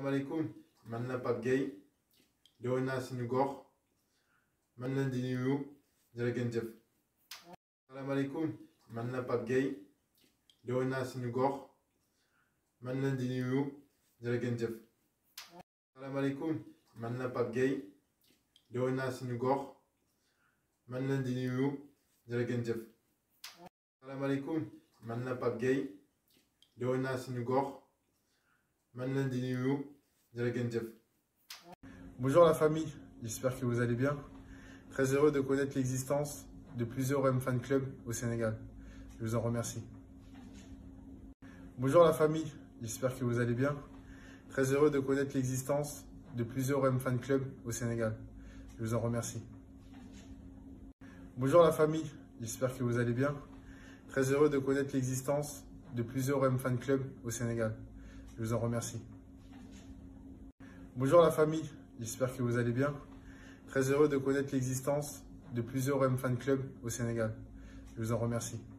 asalaamaaleykum man la Pape Gueye doon naa suñu gox man la di nuyu jërë ngeen jëf. asalaamaaleykum man la Pape Gueye doon naa suñu gox man la di nuyu jërë ngeen jëf. asalaamaaleykum man la Pape Gueye doon naa suñu gox man la di nuyu jërë ngeen jëf. asalaamaaleykum man la Pape Gueye doon naa suñu gox. man leen di nuyu jërë ngeen jëf. Bonjour la famille, j'espère que vous allez bien. Très heureux de connaître l'existence de plusieurs OM Fan Club au Sénégal. Je vous en remercie. Bonjour la famille, j'espère que vous allez bien. Très heureux de connaître l'existence de plusieurs OM Fan Club au Sénégal. Je vous en remercie. Bonjour la famille, j'espère que vous allez bien. Très heureux de connaître l'existence de plusieurs OM Fan Club au Sénégal. Je vous en remercie. Bonjour la famille, j'espère que vous allez bien. Très heureux de connaître l'existence de plusieurs M Fan Club au Sénégal. Je vous en remercie.